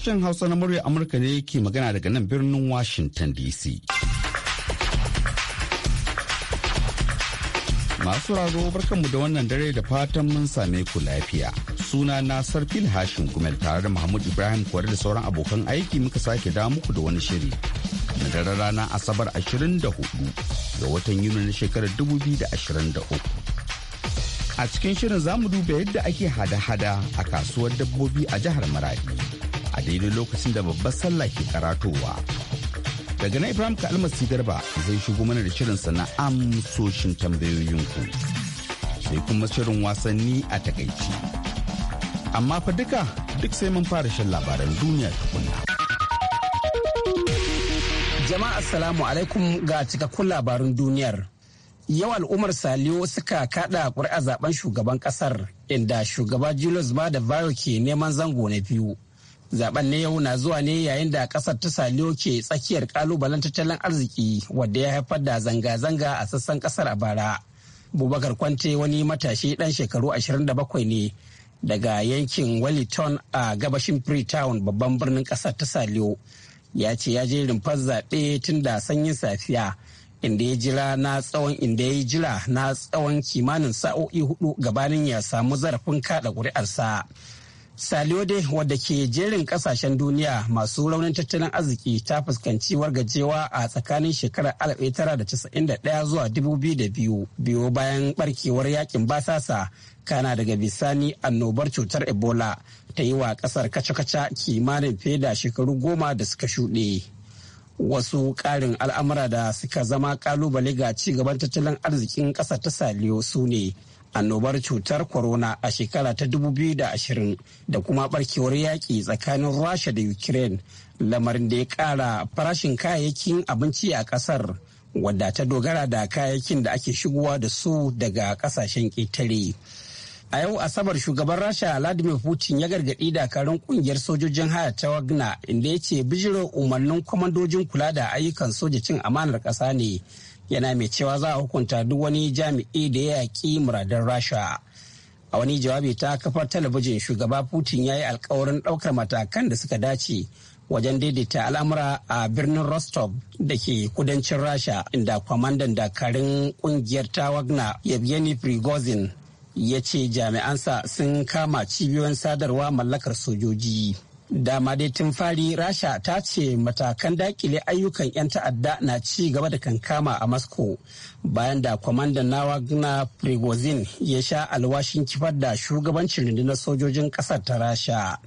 Sashen Hausa na murya Amurka ne ke magana daga nan birnin Washington DC. Masu raro barkanmu da wannan dare da fatan mun same ku lafiya. Suna na Sarfil Hashim Gumel tare da Mahmud Ibrahim kware da sauran abokan aiki muka sake da muku da wani shiri. Na daren rana Asabar 24 ga watan Yuni na shekarar 2023. A cikin shirin za mu duba yadda ake hada-hada a kasuwar dabbobi a jihar Maradi. a daidai lokacin da babbar sallah ke karatowa. Daga na Ibrahim Kalmasi Garba zai shigo mana da shirinsa na amsoshin tambayoyinku. Sai kuma shirin wasanni a takaici. Amma fa duka duk sai mun fara shan labaran duniya tukunna. Jama'a Assalamu alaikum ga cikakkun labarun duniyar. yau al'ummar saliyo suka kada ƙuri'a zaben shugaban ƙasar inda shugaba julius bada bayo ke neman zango na biyu zaben na yau na zuwa ne yayin da kasar ta saliyo ke tsakiyar kalubalen tattalin arziki wadda ya haifar da zanga-zanga a sassan kasar a bara bubakar kwante wani matashi dan shekaru 27 ne daga yankin wellington a gabashin freetown babban birnin kasar ta saliyo ya ce ya je rumfar zaɓe tun da sanyin safiya inda ya jira na tsawon inda ya jira na tsawon kimanin sa'o'i hudu gabanin ya samu zarafin kada ƙuri'arsa. Saliode wadda ke jerin kasashen duniya masu raunin tattalin arziki ta fuskanci wargajewa a tsakanin shekarar 1991 zuwa 2002 biyo bayan barkewar yakin basasa kana daga bisani annobar cutar ebola ta yi wa kasar kaca-kaca kimanin fiye da shekaru goma da suka shuɗe. wasu ƙarin al'amura da suka zama ƙalubale ga ci gaban tattalin arzikin ƙasar ta saliyo su ne annobar cutar corona a shekara ta 2020 da kuma barkewar yaƙi tsakanin rasha da ukraine lamarin da ya ƙara farashin kayayyakin abinci a ƙasar wadda ta dogara da kayayyakin da ake shigowa da su daga ƙasashen ƙetare a yau asabar shugaban rasha vladimir putin ya gargaɗi dakarun ƙungiyar sojojin haya ta wagner inda ya ce bijiro umarnin kwamandojin kula da ayyukan soja amanar ƙasa ne yana mai cewa za a hukunta duk wani jami'i da ya yaƙi muradar rasha a wani jawabi ta kafar talabijin shugaba putin ya yi alkawarin ɗaukar matakan da suka dace wajen daidaita al'amura a birnin rostov da ke kudancin rasha inda kwamandan dakarun ƙungiyar ta wagner yevgeny prigozhin ya ce jami'ansa sun kama cibiyoyin sadarwa mallakar sojoji Dama dai tun fari Rasha ta ce matakan dakile ayyukan 'yan ta'adda na ci gaba da kankama a Moscow bayan da kwamandan na Wagner Prigozhin ya sha alwashin kifar da shugabancin rundunar sojojin ƙasar ta Rasha.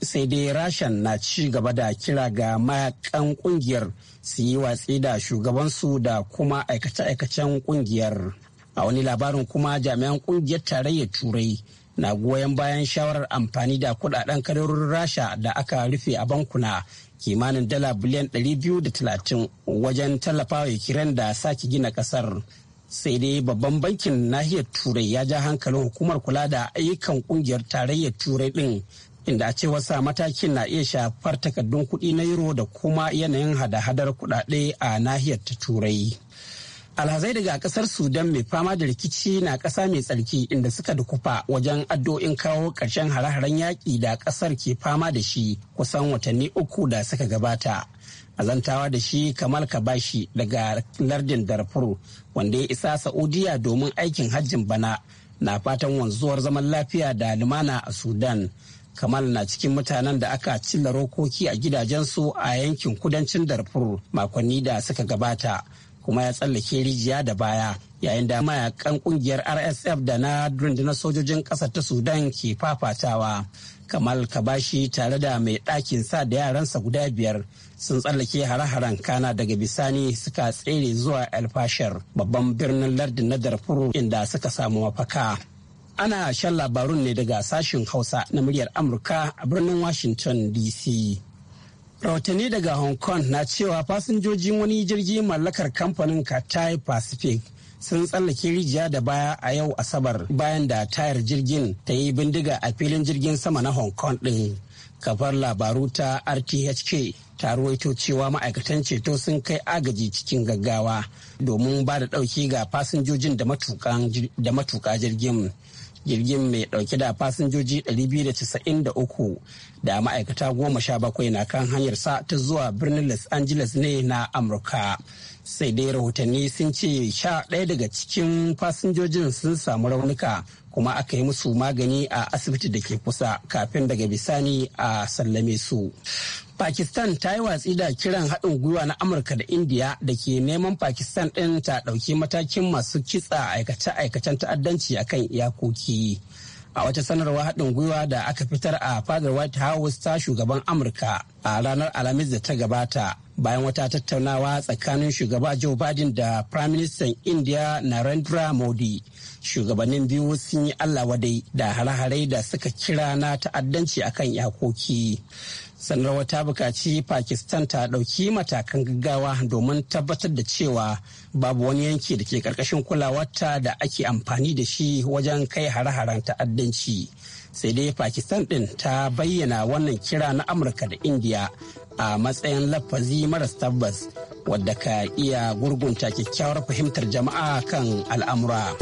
sai dai rashan na ci gaba da kira ga mayakan kungiyar su yi watsi da shugabansu da kuma aikace-aikacen kungiyar a wani labarin kuma jami'an kungiyar tarayyar turai na goyon bayan shawarar amfani da kudaden kadarorin rasha da aka rufe a bankuna kimanin dala biliyan 230 wajen tallafawa kiran da sake gina kasar sai dai babban bankin nahiyar turai ya ja hankalin hukumar kula da ayyukan kungiyar tarayyar turai din inda a cewar sa matakin na iya shafar takardun kuɗi na euro da kuma yanayin hada-hadar kuɗaɗe a nahiyar turai alhazai daga kasar sudan mai fama da rikici na kasa mai tsarki inda suka dukufa wajen addu'o'in kawo karshen hare-haren yaƙi da kasar ke fama da shi kusan watanni uku da suka gabata azantawa da shi kamal kabashi daga lardin darfur wanda ya isa saudiya domin aikin hajjin bana na fatan wanzuwar zaman lafiya da lumana a sudan kamal na cikin mutanen da aka cilla rokoki a gidajensu a yankin kudancin darfur makonni da suka gabata kuma ya tsallake rijiya da baya yayin da mayakan kungiyar rsf da na rundunar sojojin ƙasa ta sudan ke fafatawa kamal kabashi tare da mai ɗakin sa da yaransa guda biyar sun tsallake hare-haren kana daga bisani suka tsere zuwa alfashar babban birnin lardin na darfur inda suka samu mafaka ana shan labarun ne daga sashen hausa na muryar amurka a birnin washington dc rahotanni daga hong kong na cewa fasinjojin wani jirgi mallakar kamfanin katai pacific sun tsallake rijiya da baya a yau asabar bayan da tayar jirgin ta yi bindiga a filin jirgin sama na hong kong din kafar labaru ta rthk ta ruwaito cewa ma'aikatan ceto sun kai agaji cikin gaggawa domin ba da ɗauki ga fasinjojin da matuka jirgin jirgin mai dauke da fasinjoji 293 da ma'aikata goma sha bakwai na kan hanyarsa ta zuwa birnin los angeles ne na amurka sai dai rahotanni sun ce sha ɗaya daga cikin fasinjojin sun samu raunuka kuma aka yi musu magani a asibiti da ke kusa kafin daga bisani a sallame su Pakistan ta yi watsi da kiran haɗin gwiwa na Amurka da Indiya da ke neman Pakistan ɗin ta ɗauki matakin masu kitsa aikace-aikacen ta'addanci a kan iyakoki. A wata sanarwa haɗin gwiwa da aka fitar a fadar White House ta shugaban Amurka a ranar Alhamis da ta gabata bayan wata tattaunawa tsakanin shugaba Joe Biden da Prime Minister India Narendra Modi. Shugabannin biyu sun yi Allah wadai da hare-hare da suka kira na ta'addanci akan iyakoki. sanarwar ta bukaci pakistan ta dauki matakan gaggawa domin tabbatar da cewa babu wani yanki da ke karkashin kulawarta da ake amfani da shi wajen kai hare-haren ta'addanci sai dai pakistan din ta bayyana wannan kira na amurka da indiya a matsayin lafazi maras tabbas wadda ka iya gurgunta kyakkyawar fahimtar jama'a kan al'amura.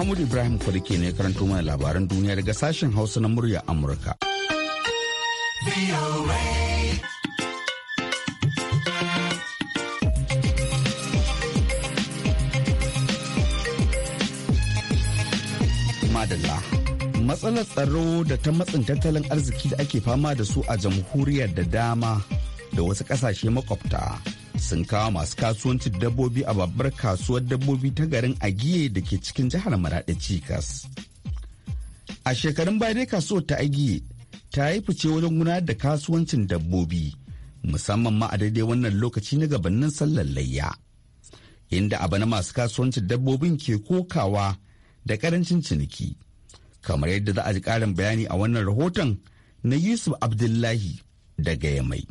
muhammadu Ibrahim Kwadike ne karanto mana labaran duniya daga sashen Hausa na murya Amurka. Madalla. Matsalar tsaro da ta matsin tattalin arziki da ake fama da su a jamhuriyar da dama da wasu ƙasashe makwabta sun kawo masu kasuwancin dabbobi a babbar kasuwar dabbobi ta garin agiye da ke cikin jihar maraɗa cikas a shekarun baya dai kasuwar ta agiye ta yi fice wajen gudanar da kasuwancin dabbobi musamman ma a daidai wannan lokaci na gabanin sallar layya inda a bana masu kasuwancin dabbobin ke kokawa da karancin ciniki kamar yadda za a ji karin bayani a wannan rahoton na yusuf abdullahi daga Yamai.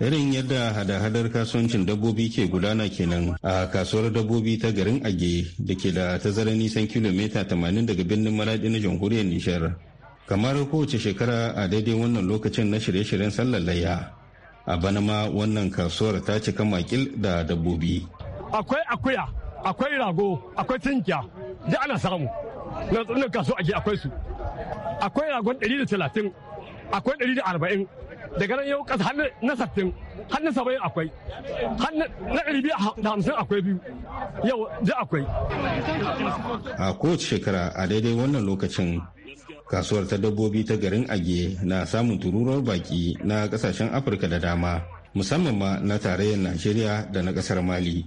Irin yadda hada-hadar kasuwancin dabbobi ke gudana kenan a kasuwar dabbobi ta garin Age da ke da tazarar nisan kilomita 80 daga birnin Maradi na jamhuriyar Nishar. Kamar kowace shekara a daidai wannan lokacin na shirye-shiryen sallar layya. A bana ma wannan kasuwar ta cika makil da dabbobi. Akwai akuya, akwai rago, akwai tinkiya, da ana samu. Na kasuwa ake akwai su. Akwai ragon 130 akwai ɗari da arba'in daga nan yau ƙasa na sattin har na saba'in akwai har na ɗari biyu da hamsin akwai biyu yau ji akwai. a kowace shekara a daidai wannan lokacin kasuwar ta dabbobi ta garin age na samun tururuwar baki na kasashen afirka da dama musamman ma na tarayyar najeriya da na kasar mali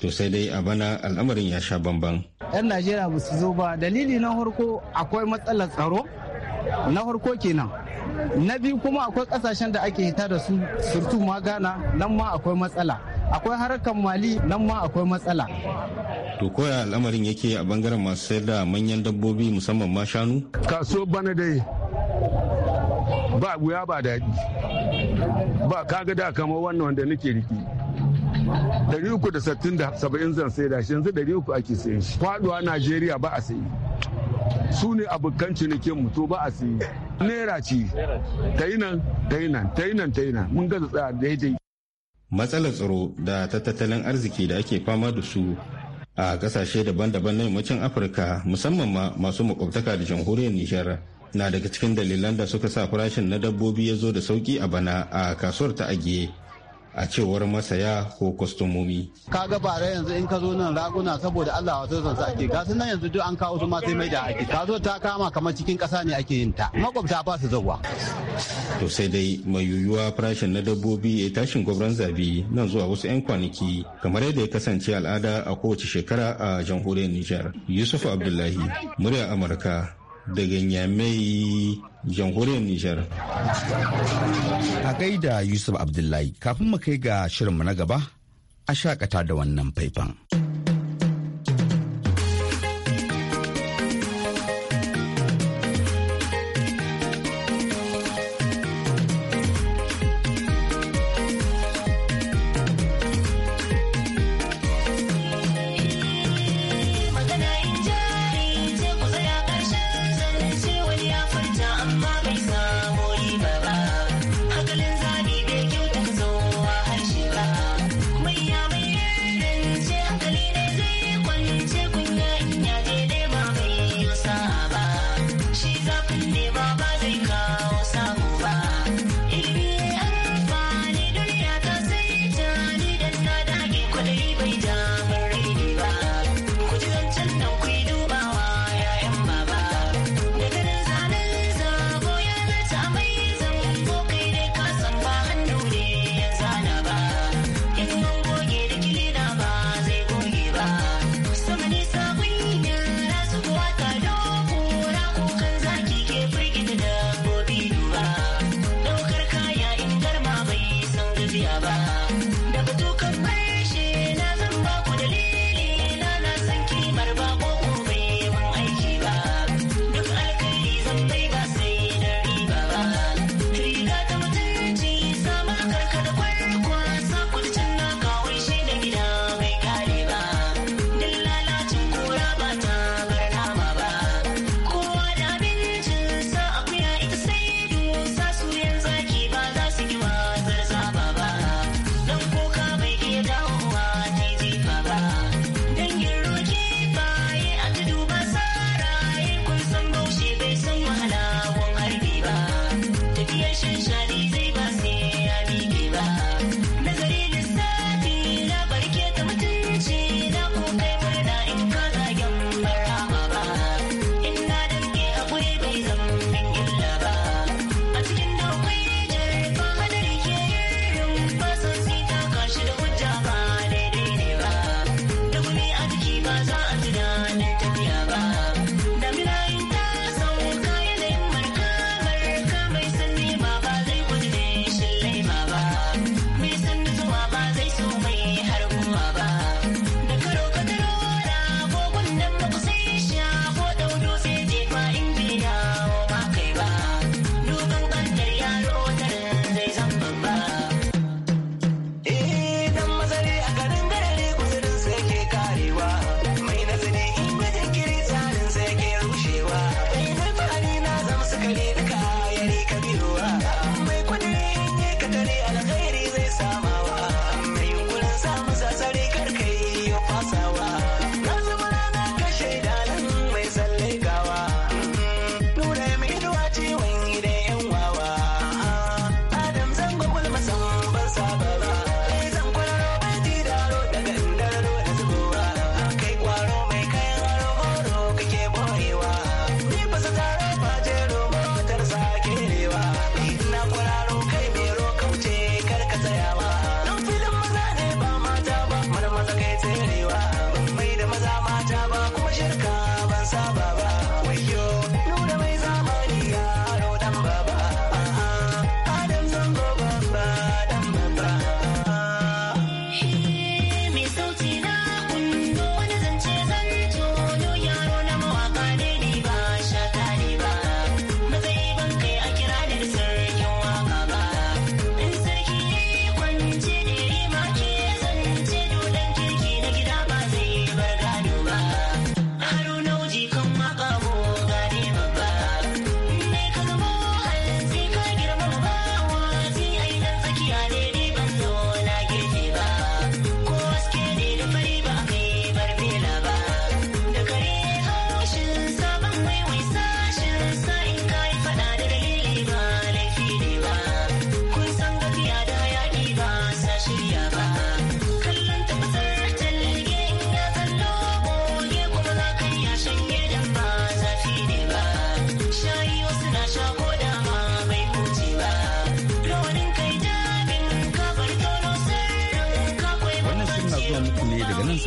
to sai dai a bana al'amarin ya sha bamban yan najeriya ba su zo ba dalili na harko akwai matsalar tsaro na farko kenan na biyu kuma akwai kasashen da ake hita da su surtu ma gana nan ma akwai matsala akwai harkar mali nan ma akwai matsala to koya al'amarin yake a bangaren masu sayar da manyan dabbobi musamman ma shanu kaso bana dai ba wuya ba daɗi ba kaga da kamar wannan wanda nake riki saba'in zan sai da shi yanzu uku ake sayan shi faduwa najeriya ba a sayi su ne abokan cinikin mu to ba a sayi naira ce ta yi nan ta yi nan ta yi nan ta yi nan mun gaza tsaya daidai matsalar tsaro da ta tattalin arziki da ake fama da su a kasashe daban-daban na yammacin afirka musamman ma masu makwabtaka da jamhuriyar nijar na daga cikin dalilan da suka sa farashin na dabbobi ya zo da sauki a bana a kasuwar ta agiye a cewar masaya ko kwastomomi. Kaga bara yanzu in ka zo nan raguna saboda Allah wasu zan sa ake gasu nan yanzu duk an kawo su ma sai mai da ake. zo ta kama kamar cikin ƙasa ne ake yin ta. Makwabta ba su zauwa. To sai dai mai yiwuwa farashin na dabbobi ya tashin gwabran zabi nan zuwa wasu 'yan kwanaki kamar yadda ya kasance al'ada a kowace shekara a jamhuriyar Nijar. Yusuf Abdullahi, murya Amurka daga Nyamai jamhuriyar Nijar. A gaida Yusuf Abdullahi kafin mu kai ga shirinmu na gaba a shakata da wannan faifan.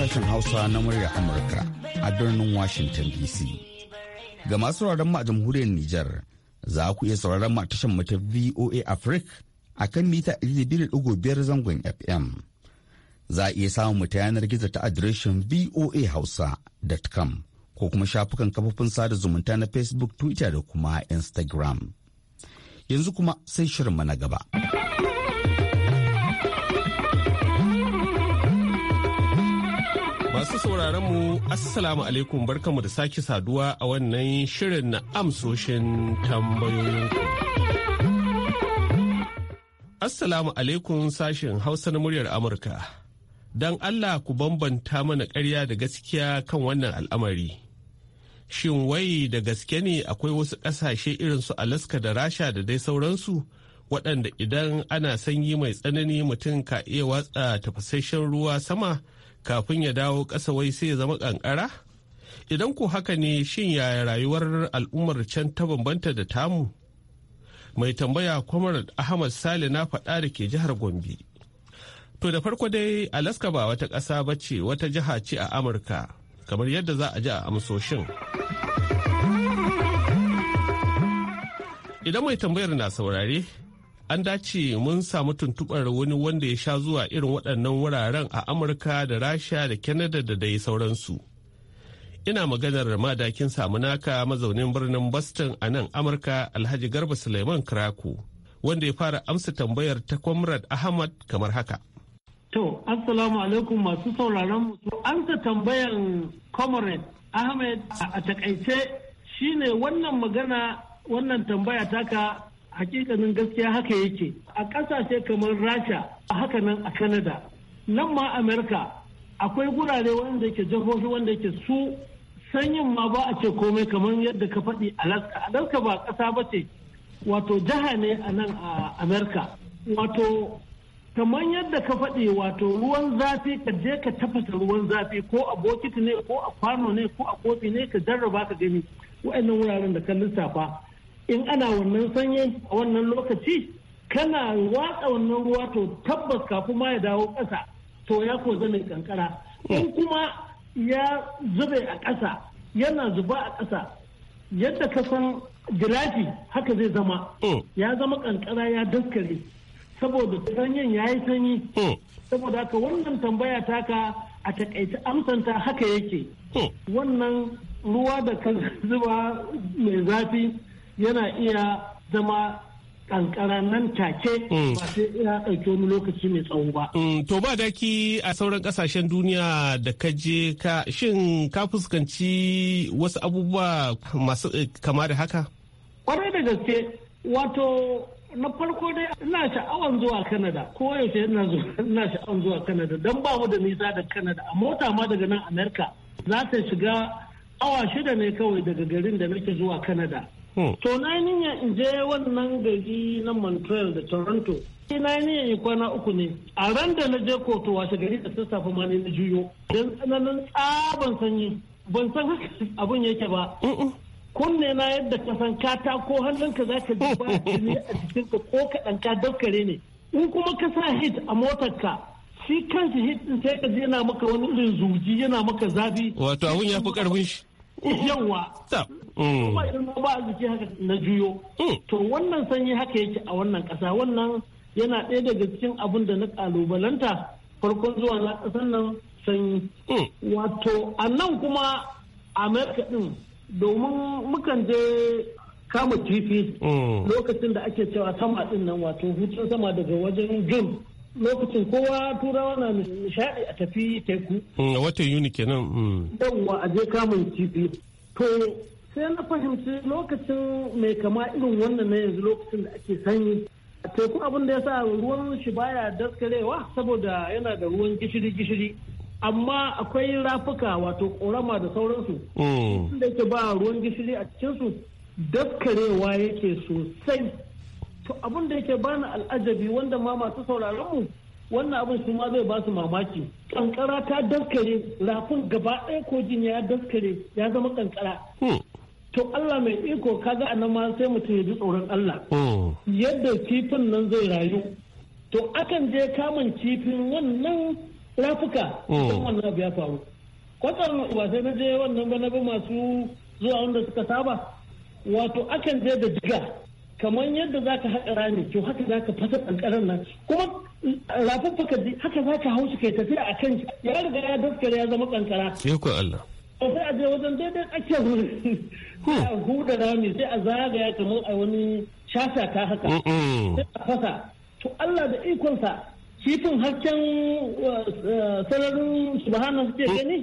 sashen Hausa na murya Amurka a birnin Washington DC. Ga masu sauraron mu a jamhuriyar Nijar, za ku iya sauraron mu a tashar mu ta VOA Africa a kan mita 200.5 zangon FM. Za a iya samun mata yanar gizo ta adireshin Hausa.com ko kuma shafukan kafofin sada zumunta na Facebook, Twitter da kuma Instagram. Yanzu kuma sai shirin na gaba. Masu sauraron mu Assalamu alaikum barkanmu da sake saduwa a wannan shirin na amsoshin tambayoyin. Assalamu alaikum sashin Hausa na muryar Amurka. Don Allah ku bambanta mana karya da gaskiya kan wannan al'amari. Shin wai da gaske ne akwai wasu ƙasashe irin su Alaska da Rasha da dai sauransu? waɗanda idan ana sanyi mai tsanani mutum ka iya watsa tafasasshen ruwa sama kafin ya dawo ƙasa wai sai ya zama ƙanƙara? Idan ko haka ne shin yaya rayuwar al'ummar can ta bambanta da tamu? Mai tambaya Kwamar Ahmad Sale na faɗa da ke jihar Gombe. To da farko dai Alaska ba wata ƙasa ba ce wata jiha ce a Amurka, kamar yadda za a ji a amsoshin. Idan mai tambayar na saurare, an dace mun samu tuntubar wani wanda ya sha zuwa irin waɗannan wuraren a amurka da rasha da canada da dai sauransu ina maganar madakin samunaka mazaunin birnin boston a nan amurka alhaji garba suleiman krako wanda ya fara amsa tambayar ta comrade ahmad kamar haka to assalamu alaikum masu sauraron mu amsa tambayar comrade Ahmad a takaice shine wannan magana wannan tambaya taka hakikanin gaskiya haka yake a ƙasashe kamar rasha a haka nan a kanada nan ma amerika akwai gurare wanda ke jihohi wanda ke su sanyin ma ba a ce komai kamar yadda ka faɗi alaska alaska ba ƙasa ba ce wato jiha ne a nan a amerika wato kamar yadda ka faɗi wato ruwan zafi ka je ka tafasa ruwan zafi ko a bokiti ne ko a kwano ne ko a kofi ne ka jarraba ka gani wa'annan wuraren da ka lissafa in ana wannan sanyi a wannan lokaci kana watsa wannan ruwa to tabbas kafin ma ya dawo ƙasa to ya ko zame kankara in kuma ya zube a ƙasa yana zuba a ƙasa yadda ka san girafi haka zai zama hmm. ya zama kankara ya daskare saboda sanyin ya yi sanyi hmm. saboda haka wannan tambaya taka a takaice amsanta haka yake hmm. wannan ruwa da ka zuba mai zafi yana iya zama kankara nan take mm. ba sai ya ɗauki wani lokaci mai tsawo ba. Mm, to ba daki a sauran ƙasashen duniya da ka je ka shin ka fuskanci wasu abubuwa masu eh, kama da haka? Kwarai da gaske wato na farko dai ina sha'awan zuwa Canada ko yaushe ina sha'awan zuwa Canada don ba mu da nisa da Kanada a mota ma daga nan Amerika za ta shiga awa shida ne kawai daga garin da nake zuwa Kanada. Hmm. To na yi niyan in je wannan gari na Montreal da Toronto. Eh, na yi niyan yi kwana uku ne. A ran da na je koto washe gari da sassafe ma ne na juyo. Don tsananin tsaban sanyi. Ban san abin yake ba. kunne na yadda ka san katako hannunka za ka ji ba ne a ka ko kaɗan ka daukare ne in kuma ka sa hit a motar ka. shi kansa hit in sai ka je yana maka wani irin zuji yana maka zafi wato abun ya fi karfin shi yawa mm. kuma idan ma ba haka na juyo mm. to wannan sanyi haka yake a wannan kasa wannan yana ɗaya daga cikin abin da na ƙalubalanta farkon zuwa na ƙasar nan sanyi mm. wato a nan kuma amerika ɗin domin mukan je kama kifi lokacin da ake cewa sama ɗin nan wato hutun sama daga wajen jun lokacin kowa turawa na nishadi a tafi teku. Mm, watan yuni kenan. Mm. yawwa a je kamun kifi to sai na fahimci lokacin mai kama irin wannan na yanzu lokacin da ake sanyi teku abin da ya sa ruwan shi baya daskarewa saboda yana da ruwan gishiri gishiri amma akwai rafuka wato korama da sauransu inda mm. yake ba ruwan gishiri a cikinsu daskarewa yake sosai to abin da yake bani al'ajabi wanda ma masu sauraron mu wannan abin su ma zai ba su mamaki kankara ta daskare rafin gaba ɗaya jinya ya daskare ya zama kankara hmm. to Allah mai iko kaga a nan ma sai mutum ya ji tsoron Allah hmm. yadda kifin nan zai rayu to akan je kamun kifin wannan rafuka hmm. don wannan abu ya faru kwatsar ba sai na je wannan ba masu zuwa wanda suka saba wato akan je da diga kamar yadda za ka haɗa rami kyau haka za ka fasa ƙanƙarar nan kuma eh, rafaffa ka ji haka za ka hausu kai tafiya a kan ya riga ya daskar ya zama ƙanƙara. sai ku Allah. sai a je wajen daidai tsakiyar wuri hmm. a huda rami sai a zagaya kamar a wani shasa ta haka sai a fasa to Allah da ikonsa kifin hasken eh, eh, sararin subhana suke gani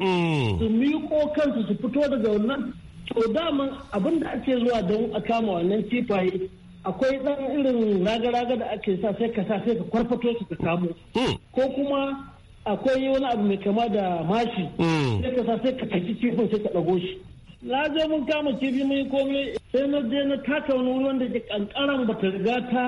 su miƙo kansu su fito daga wannan to daman abin da ake zuwa don a kama wannan kifaye akwai ɗan irin raga-raga da ake sa sai ka sa sai ka kwarfato su ka samu hmm. ko kuma akwai wani abu mai kama da mashi hmm. sai ka sa sai ka kaci kifin sai ka ɗago shi na zo mun kama kifi mun yi komai sai na je na taka wani ruwan da ke kankaran ba ta riga ta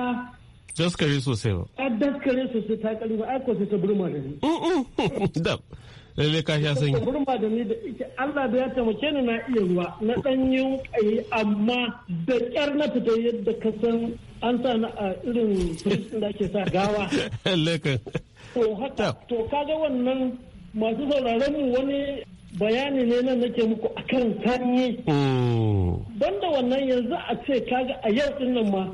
daskare sosai ba a daskare sosai ta kari ba ai ko sai ta burma da ni lalle ka sha sanyi burma da ni da ita Allah da ya taimake ni na iya ruwa na dan yi kai amma da kyar na fita yadda ka san an sa na a irin turistin da ake sa gawa lalle to haka to kaga wannan masu sauraron mu wani bayani ne nan nake muku akan tanye hmm. banda wannan yanzu a ce kaga a yau din nan ma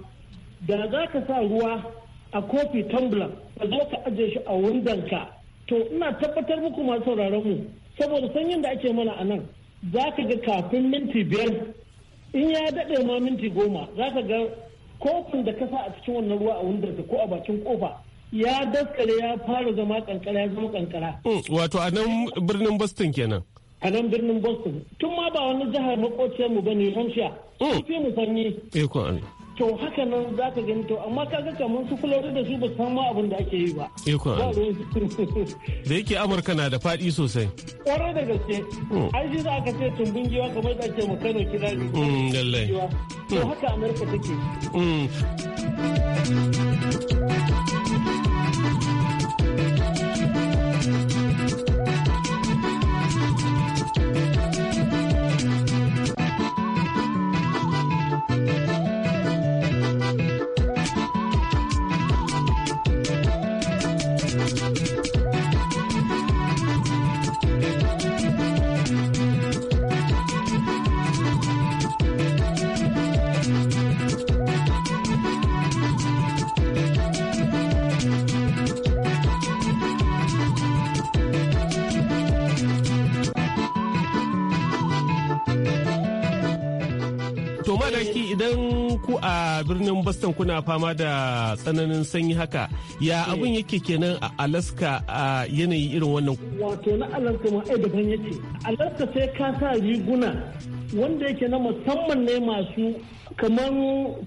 da za ka sa ruwa a kofi tumbler ka zo ka aje shi a wundanka to ina tabbatar muku masu sauraron mu saboda sanyin da ake mana a nan za ka ga kafin minti biyar in ya daɗe ma minti goma za ka ga kofin da ka sa a cikin wannan ruwa a wundarka ko a bakin kofa ya daskare ya fara zama kankara ya zama kankara. Hmm, wato a nan birnin boston kenan a nan birnin boston tun ma ba wani jihar makociyar mu ne, hampshire. Hmm. fi mu sanyi. to haka nan za ka gani to amma kaga kamar su kula da su ba san ma abin da ake yi ba da yake amurka na da faɗi sosai kwarai da gaske hmm. ai shi za ka ce tumbin giwa kamar da ake makano kira ne hmm, to hmm. haka amurka take birnin Boston kuna fama da tsananin sanyi haka. Ya eh. abin yake kenan a Alaska a yanayi irin wannan. Wato na Alaska ma ai daban yake. Alaska sai ka sa riguna wanda yake na musamman ne masu kamar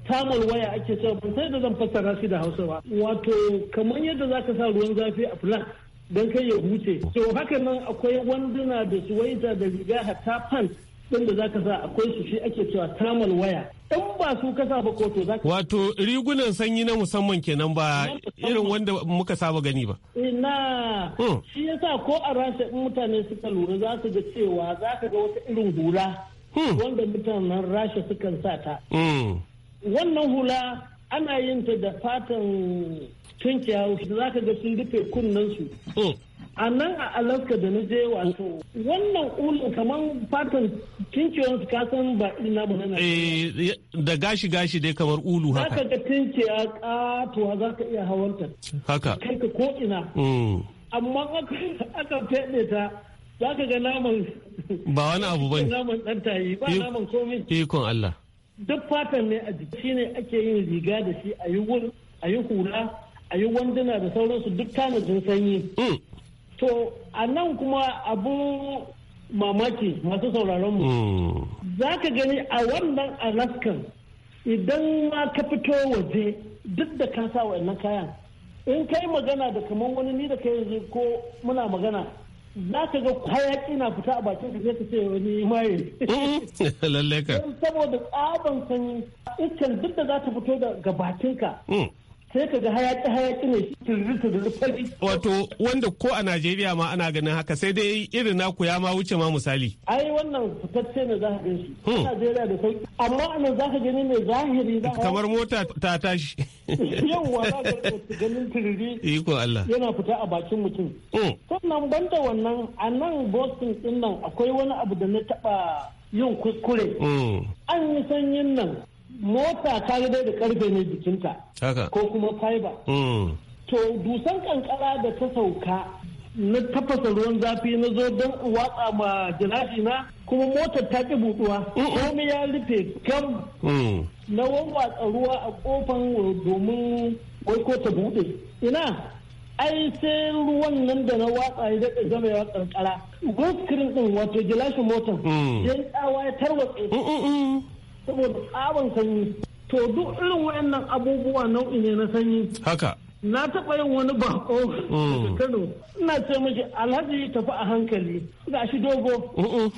tamal waya ake cewa ban sai da zan fassara shi da Hausa ba. Wato kamar yadda zaka sa ruwan zafi a fulan don kai ya huce. To haka nan akwai wanduna da suwaita da riga hatta pants din da zaka sa akwai su shi ake cewa tamal waya in ba su ka saba koto za ka wato rigunan sanyi na musamman kenan ba irin wanda muka saba gani ba ina hmm. shi yasa ko a rasha in mutane suka lura za su ga cewa za ka ga wata irin hula hmm. wanda mutanen rasha sukan sa ta hmm. wannan hula ana yin ta da fatan tun ciyawo za ka ga sun rufe su. Hmm. a nan a alaska da na je wato wannan Ulu kamar fatan tinciyar su kasan ba ina ba na eh, da gashi gashi dai kamar ulu haka haka ka tinciya katuwa za ka iya hawanta haka kai ka ko ina hmm. amma aka fede ta za ka ga naman ba wani abu ba naman dan tayi ba naman komai ikon Allah duk fatan ne a jiki ne ake yin riga da shi a yi wuri a yi hula a yi wanduna da sauransu duk tanajin sanyi mm. to a nan kuma abu mamaki masu sauraronmu mm. za ka gani a wannan alaskan idan ma ka fito waje duk da ka sa wa'annan kayan in kai magana da kamar wani ni da kai yanzu ko muna magana za ka ga hayaki na fita a bakin ka ta ka ce wani maye mm. Lalleka. saboda tsaban sanyi iskan duk da za ta fito daga bakinka. sai ka ga hayaki hayaki ne turri fari. Wato wanda ko a Najeriya ma ana ganin haka sai dai irin naku ya ma wuce ma misali. Ai wannan fitacce ne za ka gan shi. Hmm. Najeriya da sauki. Amma ana za ka gani mai zahiri za Kamar mota ta tashi. Yawwa za ka ganin turri. Iko Allah. Yana fita a bakin mutum. Hmm. Sannan banda wannan a nan Boston din nan akwai wani abu da na taɓa yin kuskure. Hmm. An yi sanyin nan mota ta dai da karfe ne jikinta ko kuma fiber hmm. to dusan kankara da ta sauka na tafasa ruwan zafi na zo don watsa ma jirafi na kuma motar ta ƙi buɗuwa Komi ya rufe kam hmm. na watsa ruwa a kofan eh, domin waiko ta buɗe ina ai sai ruwan nan da na watsa ya daɗa zama ya kankara ghost screen ɗin wato gilashin motar hmm. yan tsawa ya tarwatse saboda tsaban sanyi to duk irin wayannan abubuwa nau'i ne na sanyi haka na taɓa yin wani bako mm. Kano ina ce miki alhaji tafi a hankali ga shi dogo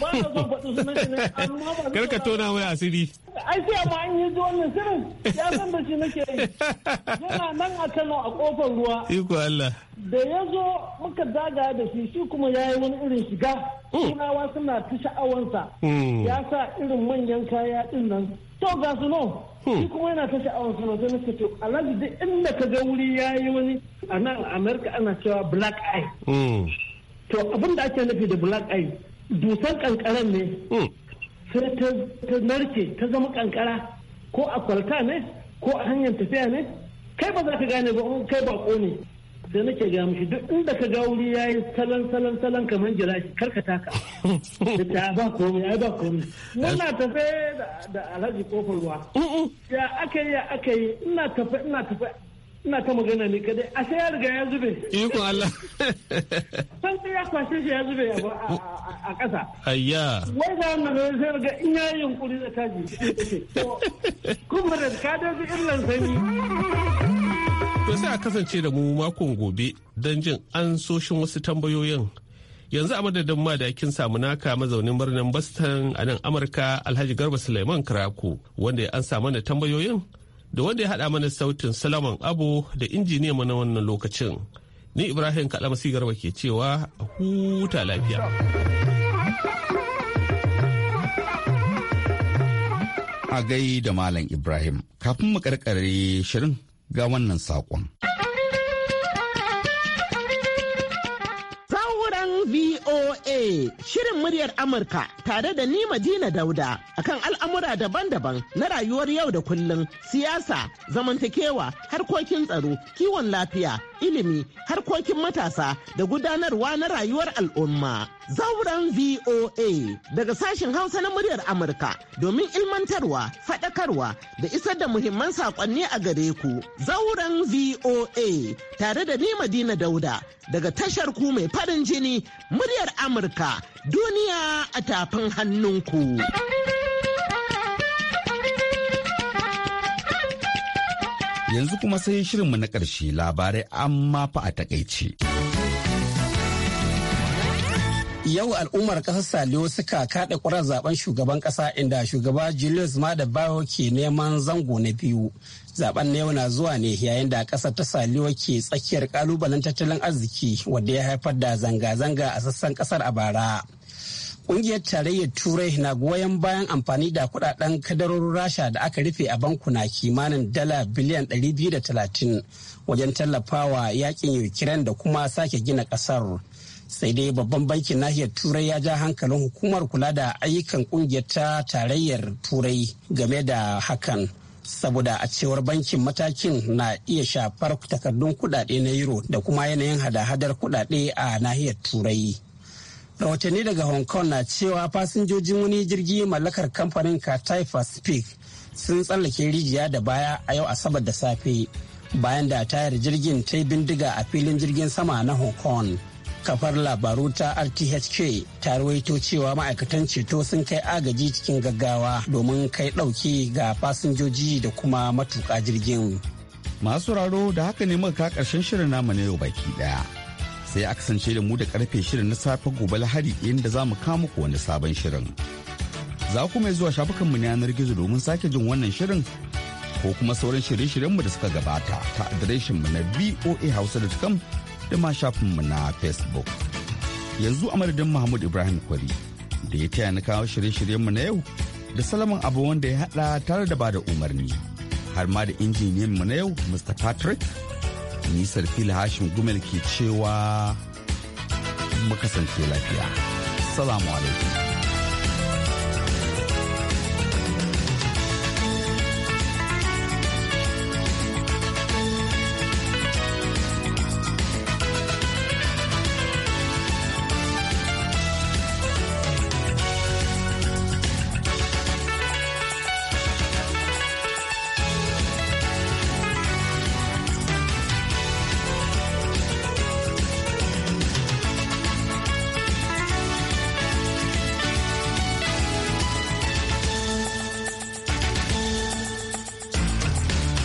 ba na zo faɗi sunan shi ne amma ba kar ka tona wani asiri ai sai amma an yi ji ne sirrin ya san da shi nake yi yana nan a Kano a ƙofar ruwa iko Allah da ya zo muka zaga da shi shi kuma ya yi wani irin shiga tunawa hmm. suna ta sha'awansa hmm. ya sa irin manyan kaya din nan to ga su no hmm. shi kuma yana ta sha'awansa na zai nake to alhaji duk inda ka ga wuri ya yi wani a nan amerika ana cewa black eye to abin da ake nufi da black eye dusan kankaran ne sai ta narke ta zama kankara ko a kwalta ne ko a hanyar tafiya ne kai ba za ka gane ba kai ba ko ne sai nake ga mushi duk inda ka ga wuri yayi salon salon salon kamar jira shi karkata ka ta ba komai ai ba komai muna tafe da alhaji kofar ruwa ya aka yi ya aka yi ina tafe ina tafe ina ta magana ne kadai a sai ya riga ya zube iko Allah san sai ya kwashe shi ya zube a kasa. ayya wai ga wannan ne sai riga in ya yi yunkuri da taji kuma da ka da irin sanyi To sai a kasance da mu makon gobe don jin ansoshin wasu tambayoyin. Yanzu a madadin madakin naka mazaunin birnin Boston a nan Amurka Alhaji Garba Suleiman Karako wanda ya ansa da tambayoyin da wanda ya haɗa mana sautin Salaman Abu da injiniya mana wannan lokacin. Ni Ibrahim Kalamasi Garba ke cewa huta lafiya. A gai da Malam Ibrahim, kafin mu karkare shirin ga wannan saƙon. Sauran VOA shirin muryar Amurka tare da ni Madina Dauda akan al'amura daban-daban na rayuwar yau da kullum siyasa, zamantakewa, harkokin tsaro, kiwon lafiya, ilimi, harkokin matasa da gudanarwa na rayuwar al'umma. zauren VOA daga sashen Hausa na muryar Amurka domin ilmantarwa, faɗakarwa da isar da muhimman saƙonni a gare ku. Zauren VOA tare da ni Madina Dauda daga tashar ku mai farin jini muryar Amurka duniya a tafin hannunku. Yanzu kuma sai shirinmu na ƙarshe labarai amma fa a takaice. Yau al'ummar kasar Saliyo suka kaɗa ƙurar zaben shugaban ƙasa inda shugaba Julius da Bayo ke neman zango na biyu. Zaben na yau na zuwa ne yayin da ƙasar ta Saliyo ke tsakiyar ƙalubalen tattalin arziki wanda ya haifar da zanga-zanga a sassan ƙasar a bara. Ƙungiyar tarayyar Turai na goyon bayan amfani da kuɗaɗen kadarorin Rasha da aka rufe a bankuna kimanin dala biliyan 230 wajen tallafawa yakin Ukraine da kuma sake gina ƙasar. sai dai babban bankin nahiyar turai ya ja hankalin hukumar kula da ayyukan kungiyar ta tarayyar turai game da hakan saboda a cewar bankin matakin na iya shafar takardun kudade na euro da kuma yanayin hada-hadar kudade a nahiyar turai rahotanni daga hong kong na cewa fasinjojin wani jirgi mallakar kamfanin cathay pacific sun tsallake rijiya da baya a yau asabar da safe bayan da tayar jirgin ta yi bindiga a filin jirgin sama na hong kong kafar labaru ta rthk ta rawaito cewa ma'aikatan ceto sun kai agaji cikin gaggawa domin kai ɗauki ga fasinjoji da kuma matuka jirgin masu raro da haka ne muka karshen shirin namu na yau baki daya sai a kasance da mu da karfe shirin na safe gobe lahari inda za mu kama ku wani sabon shirin za ku mai zuwa shafukanmu na yanar gizo domin sake jin wannan shirin ko kuma sauran shirye-shiryenmu da suka gabata ta adireshinmu na voa voahausa.com da ma mu na facebook yanzu a madadin mahmud ibrahim kwari da ya taya ni kawo shirye shiryen mu na yau da salaman abu wanda ya haɗa tare da bada umarni har ma da injiniyan mu na yau mr patrick nisar fili hashim gumel ke cewa muka kasance lafiya salamu alaikum